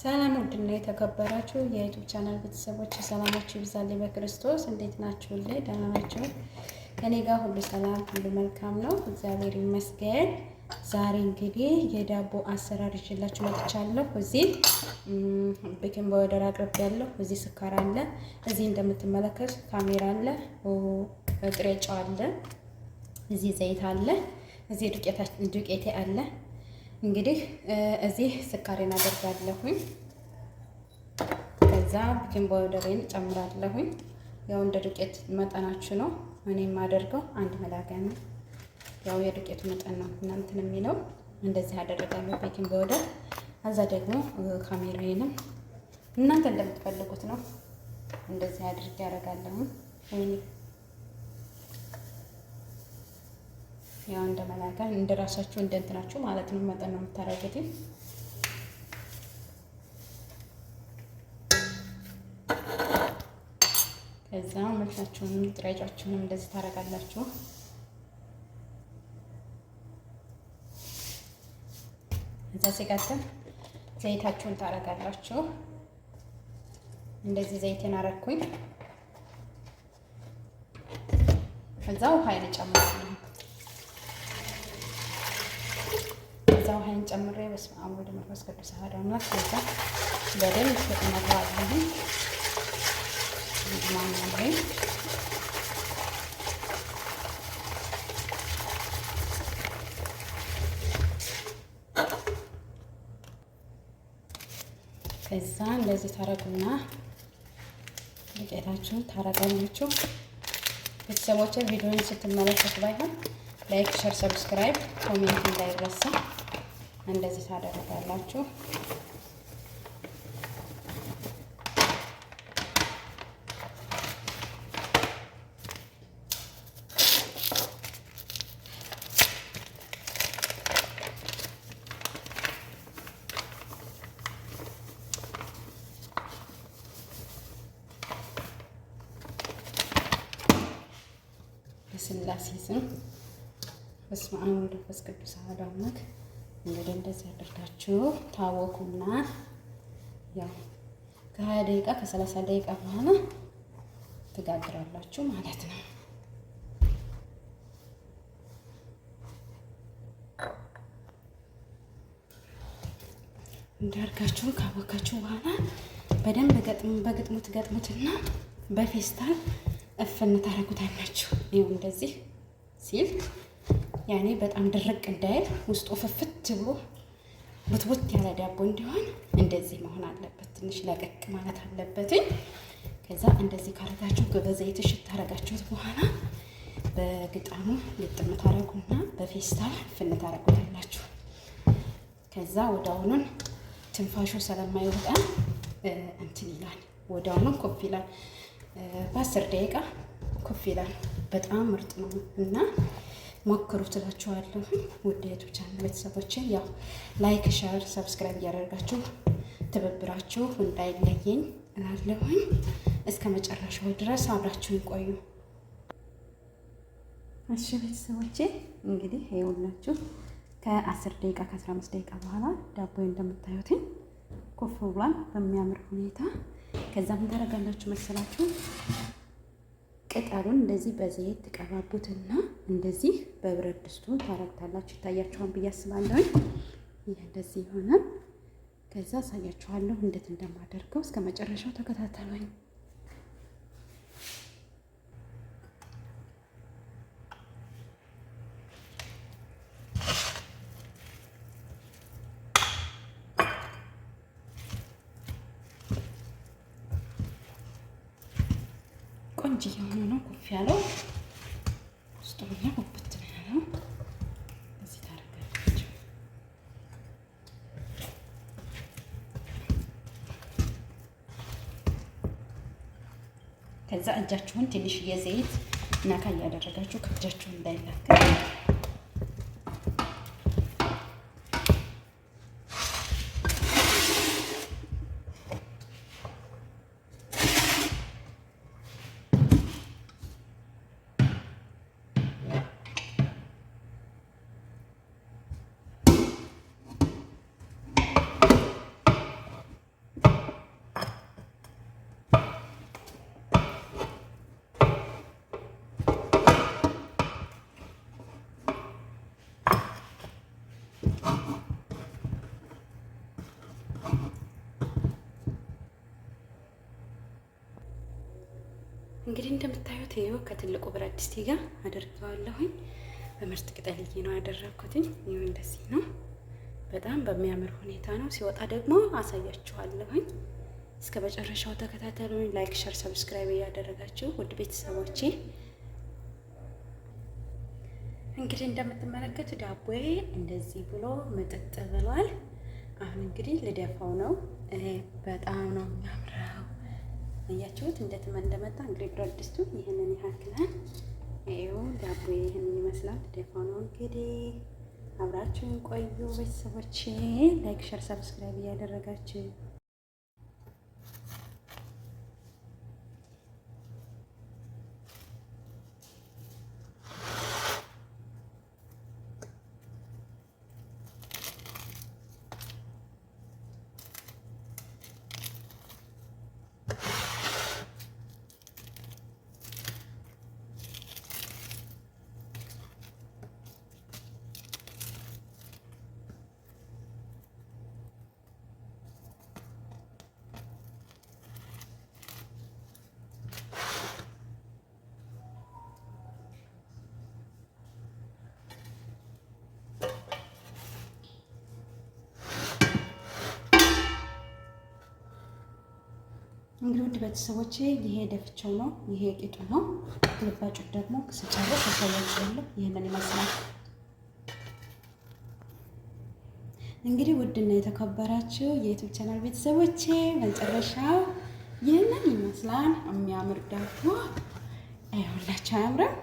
ሰላም ውድና የተከበራችሁ የዩቱብ ቻናል ቤተሰቦች ሰላማችሁ ይብዛልኝ በክርስቶስ። እንዴት ናችሁልኝ? ደህና ናችሁ? ከኔ ጋር ሁሉ ሰላም፣ ሁሉ መልካም ነው፣ እግዚአብሔር ይመስገን። ዛሬ እንግዲህ የዳቦ አሰራር ይዤላችሁ መጥቻለሁ። እዚህ ቤኪንግ ፓውደር አቅርብ ያለሁ፣ እዚህ ስኳር አለ፣ እዚህ እንደምትመለከቱ ካሜራ አለ፣ ጥሬ ጨው አለ፣ እዚህ ዘይት አለ፣ እዚህ ዱቄቴ አለ እንግዲህ እዚህ ስካሬን አደርጋለሁኝ። ከዛ ቤኪንግ ፓውደሬን ጨምራለሁኝ። ያው እንደ ዱቄት መጠናችሁ ነው። እኔ የማደርገው አንድ መላጋ ነው። ያው የዱቄቱ መጠን ነው እናንተን የሚለው እንደዚህ አደረጋለሁ። ቤኪንግ ፓውደር እዛ ደግሞ ካሜራዬንም እናንተ እንደምትፈልጉት ነው። እንደዚህ አድርጌ ያደርጋለሁኝ። ያው እንደ እንደራሳቸው እንደራሳችሁ እንደ እንትናችሁ ማለት ነው መጠን ነው የምታረጉት። ከዛ መልሳችሁንም ጥራጫችሁንም እንደዚህ ታረጋላችሁ። እዛ ሲቀጥል ዘይታችሁን ታረጋላችሁ። እንደዚህ ዘይቴን አረኩኝ። ከዛ ውሃ ይጨምራለሁ ከዛ ውሃይን ጨምሬ በስመ አብ ወወልድ ወመንፈስ ቅዱስ አሐዱ አምላክ። ከዛ በደንብ ተጠመራለሁ ማኛለኝ ከዛ እንደዚህ ታረጉና ዱቄታችሁ ታረጋላችሁ። ቤተሰቦች ቪዲዮን ስትመለከቱ ባይሆን ላይክ፣ ሸር፣ ሰብስክራይብ፣ ኮሜንት እንዳይረሳ። እንደዚህ ታደርጋላችሁ። በስላሴ ስም በስመ አብ ወመንፈስ ቅዱስ አሐዱ አምላክ እንግዲህ እንደዚህ አድርጋችሁ ታወኩና ያው ከሀያ ደቂቃ ከሰላሳ ደቂቃ በኋላ ትጋግራላችሁ ማለት ነው። እንዳርጋችሁ ካወካችሁ በኋላ በደንብ ገጥሙ በግጥሙት ገጥሙትና በፌስታል እፍን ታረጉታላችሁ። ይኸው እንደዚህ ሲል ያኔ በጣም ድርቅ እንዳይል ውስጡ ፍፍት ብሎ ቡትቡት ያለ ዳቦ እንዲሆን እንደዚህ መሆን አለበት። ትንሽ ለቀቅ ማለት አለበትኝ። ከዛ እንደዚህ ካረጋችሁ በዘይት ሽት ታረጋችሁት በኋላ በግጣሙ ልጥም ታረጉና በፌስታል ፍን ታረጉታላችሁ። ከዛ ወዳውኑን ትንፋሹ ስለማይወጣ እንትን ይላል፣ ወዳውኑን ኮፍ ይላል። በአስር ደቂቃ ኮፍ ይላል። በጣም ምርጥ ነው እና ሞክሩ ትላችኋለሁ። ውድ የዩቱብ ቻናል ቤተሰቦችን ያው ላይክ፣ ሸር፣ ሰብስክራይብ እያደረጋችሁ ትብብራችሁ እንዳይለየኝ እላለሁኝ። እስከ መጨረሻው ድረስ አብራችሁን ቆዩ። እሺ ቤተሰቦቼ እንግዲህ ይኸውላችሁ ከአስር ደቂቃ ከአስራ አምስት ደቂቃ በኋላ ዳቦ እንደምታዩትኝ ኮፍ ብሏል በሚያምር ሁኔታ። ከዛ ምን ታደርጋላችሁ መሰላችሁ ቅጠሉን እንደዚህ በዘይት ትቀባቡትና እንደዚህ በብረት ድስቱ ታረግታላችሁ። ይታያችኋል ብዬ አስባለሁ። ይህ እንደዚህ ይሆናል። ከዛ አሳያችኋለሁ እንዴት እንደማደርገው። እስከ መጨረሻው ተከታተሉኝ። ቆንጆ የሆነ ነው ኩፍ ያለው ውስጡ ሁላ ጉብት ነው ያለው። እዚህ ታደርጋለች። ከዛ እጃችሁን ትንሽ የዘይት እና ካያደረጋችሁ ከእጃችሁ እንዳይላክል እንግዲህ እንደምታዩት ይኸው ከትልቁ ብረት ድስቴ ጋር አደርገዋለሁኝ። በምርጥ ቅጠልዬ ነው ያደረኩትኝ። ይኸው እንደዚህ ነው። በጣም በሚያምር ሁኔታ ነው። ሲወጣ ደግሞ አሳያችኋለሁኝ። እስከ መጨረሻው ተከታተሉኝ። ላይክ፣ ሸር፣ ሰብስክራይብ እያደረጋችሁ ውድ ቤተሰቦቼ እንግዲህ እንደምትመለከቱ ዳቦዬ እንደዚህ ብሎ ምጥጥ ብሏል። አሁን እንግዲህ ልደፋው ነው። በጣም ነው የሚያምረው። እያችሁት እንደትመ እንደመጣ እንግዲህ ብረት ይህንን ያክላል። ይኸው ዳቦዬ ይህንን ይመስላል። ልደፋው ነው እንግዲህ አብራችሁን ቆዩ ቤተሰቦች። ላይክ፣ ሸር፣ ሰብስክራይብ እያደረጋችሁ እንግዲህ ውድ ቤተሰቦቼ ይሄ ደፍቸው ነው። ይሄ ቂጡ ነው። ግልባጩ ደግሞ ስጨርስ ያሳያችኋለሁ። ይህንን ይመስላል። እንግዲህ ውድና የተከበራችሁ የዩቱብ ቻናል ቤተሰቦቼ መጨረሻው ይህንን ይመስላል። የሚያምር ዳቦ ሁላችሁ አያምርም?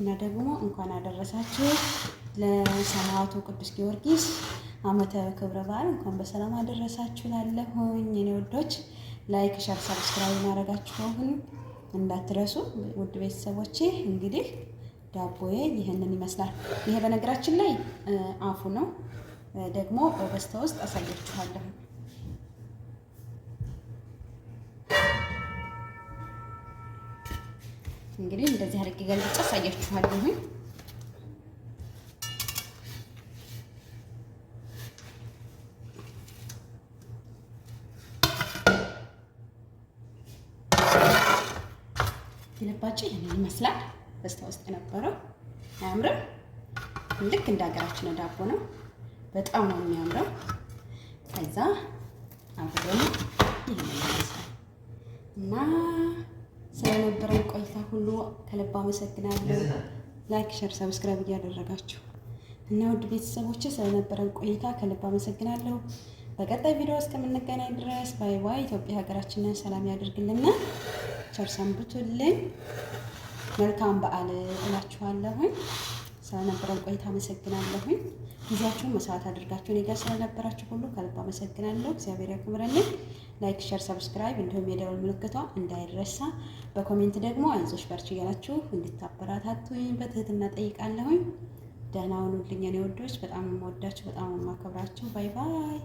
እና ደግሞ እንኳን አደረሳችሁ ለሰማዕቱ ቅዱስ ጊዮርጊስ ዓመታዊ ክብረ በዓል እንኳን በሰላም አደረሳችሁ ላለሁኝ የኔ ወዶች ላይክ፣ ሸር፣ ሰብስክራይብ ማድረጋችሁን እንዳትረሱ ውድ ቤተሰቦቼ። እንግዲህ ዳቦዬ ይህንን ይመስላል። ይሄ በነገራችን ላይ አፉ ነው። ደግሞ በስተ ውስጥ አሳያችኋለሁ። እንግዲህ እንደዚህ አድርጌ ገልብጬ አሳያችኋለሁኝ። ግልባጭ ይህንን ይመስላል። በስተ ውስጥ የነበረው አያምርም? ልክ እንደ ሀገራችን ዳቦ ነው። በጣም ነው የሚያምረው። ከዛ አሁን ደግሞ ይህንን ይመስላል እና ስለነበረን ቆይታ ሁሉ ከልብ አመሰግናለሁ። ላይክ፣ ሸር፣ ሰብስክራይብ እያደረጋችሁ እና ውድ ቤተሰቦች ስለነበረን ቆይታ ከልብ አመሰግናለሁ። በቀጣይ ቪዲዮ እስከምንገናኝ ድረስ ባይ ባይ። ኢትዮጵያ ሀገራችንን ሰላም ያደርግልና ቸር ሰንብቱልኝ። መልካም በዓል እላችኋለሁኝ። ስለነበረን ቆይታ አመሰግናለሁኝ። ጊዜያችሁን መስዋዕት አድርጋችሁ እኔ ጋር ስለነበራችሁ ሁሉ ከልብ አመሰግናለሁ። እግዚአብሔር ያክብረልኝ። ላይክ፣ ሸር፣ ሰብስክራይብ እንዲሁም የደወል ምልክቷ እንዳይረሳ፣ በኮሜንት ደግሞ አይዞሽ በርቺ እያላችሁ እንድታበረታቱኝ በትህትና ጠይቃለሁኝ። ደህና ሁኑልኝ የኔ ወዶች። በጣም የምወዳችሁ በጣም የማከብራችሁ። ባይ ባይ